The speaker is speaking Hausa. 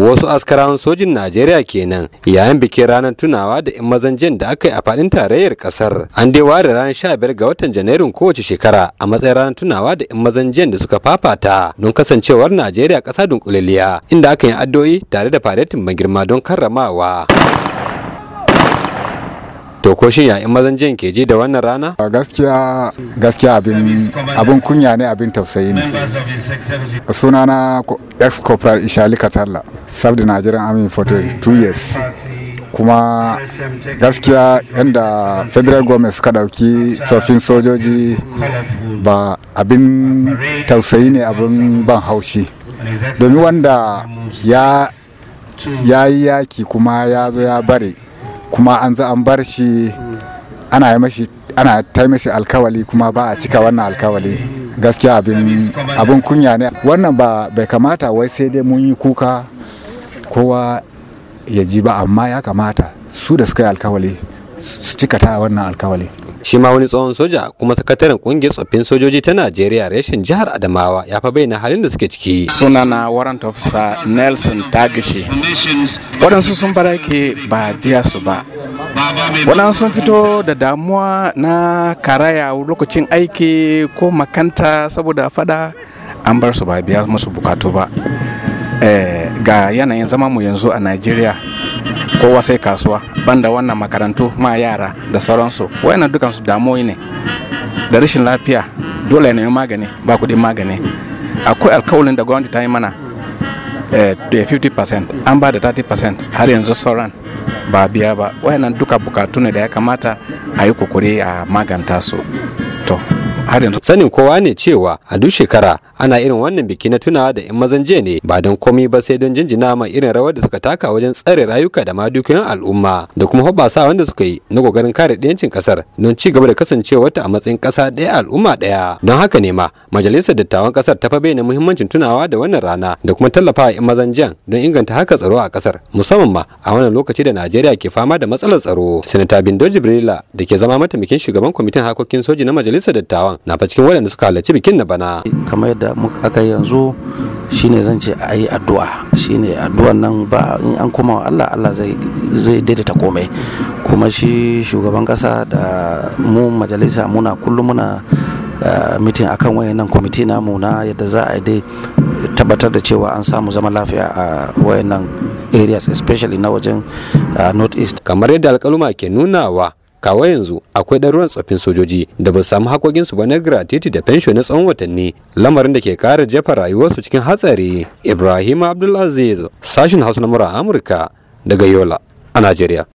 wasu askarawan sojin najeriya kenan yayin bikin ranar tunawa da yan mazan jin da aka yi a fadin tarayyar kasar an dai ware ranar 15 ga watan janairun kowace shekara a matsayin ranar tunawa da yan mazan jin da suka fafata don kasancewar najeriya kasa dunkuliliya inda aka yi addu'o'i tare da faretin magirma don karramawa to ko shi mazan jin ke ji da wannan rana gaskiya gaskiya abin kunya ne abin tausayi ne sunana ex corporal ishali katarla sabda nigerian army for 22 years kuma gaskiya yadda federal government suka dauki tsoffin sojoji ba abin tausayi ne abin ban haushi domin wanda ya yi yaki kuma ya zo ya bare kuma an za an bar shi ana yi mashi ana ta mashi alkawali kuma ba a cika wannan alkawali gaskiya abin kunya ne wannan ba bai kamata wai sai dai mun yi kuka kowa ya ji ba amma ya kamata su da suka yi alkawali su cika ta wannan alkawali shi ma wani tsohon soja kuma sakataren kungiyar tsoffin sojoji ta najeriya reshen jihar adamawa ya fa bayyana halin da suke ciki sunana warrant officer nelson tagishi waɗansu sun fara ke ba jiya su ba waɗansu sun fito da damuwa na karaya lokacin aiki ko makanta saboda fada an bar su ba biya musu bukatu ba eh, ga yanayin zama mu yanzu a najeriya kowa sai kasuwa banda wannan makarantu ma yara da sauransu wayannan dukansu damuwoyi ne da rashin lafiya dole ne magani ba kudin magani akwai alkawalin da gwamnati ta yi mana eh, da 50% an ba da 30% har yanzu sauran ba biya ba wayannan duka bukatu ne da ya kamata a yi kokuri a maganta su to sanin kowa ne cewa a duk shekara ana irin wannan biki na tunawa da 'yan mazan jiya ne ba don komi ba sai don jinjina ma irin rawar da suka taka wajen tsare rayuka da ma dukiyoyin al'umma da kuma hoɓasa wanda suka yi na kokarin kare ɗayancin ƙasar don ci gaba da ta a matsayin ƙasa ɗaya al'umma ɗaya don haka ne ma majalisar dattawan ƙasar ta fa bayyana muhimmancin tunawa da wannan rana da kuma tallafawa 'yan mazan jiyan don inganta haka tsaro a ƙasar, musamman ma a wannan lokaci da Najeriya ke fama da matsalar tsaro sanata bindo jibrila da ke zama mataimakin shugaban kwamitin harkokin soji na majalisar dattawa Hausawan na fa cikin waɗanda suka halarci bikin na bana. Kamar yadda aka yanzu shine zan ce a yi addu'a shine addu'an nan ba in an koma wa Allah Allah zai daidaita komai kuma shi shugaban kasa da mu majalisa muna kullum muna eh, mitin akan wayannan kwamiti namu na yadda za a dai tabbatar da cewa an samu zaman lafiya a wayannan areas especially na wajen eh, north east kamar yadda alkaluma ke nunawa kawo yanzu akwai ɗaruran tsoffin sojoji da ba samu hakokinsu ba na gratiti da fensho na tsawon watanni lamarin da ke kara jefa rayuwarsu cikin hatsari ibrahim abdulaziz sashin hausa na mura amurka daga yola a najeriya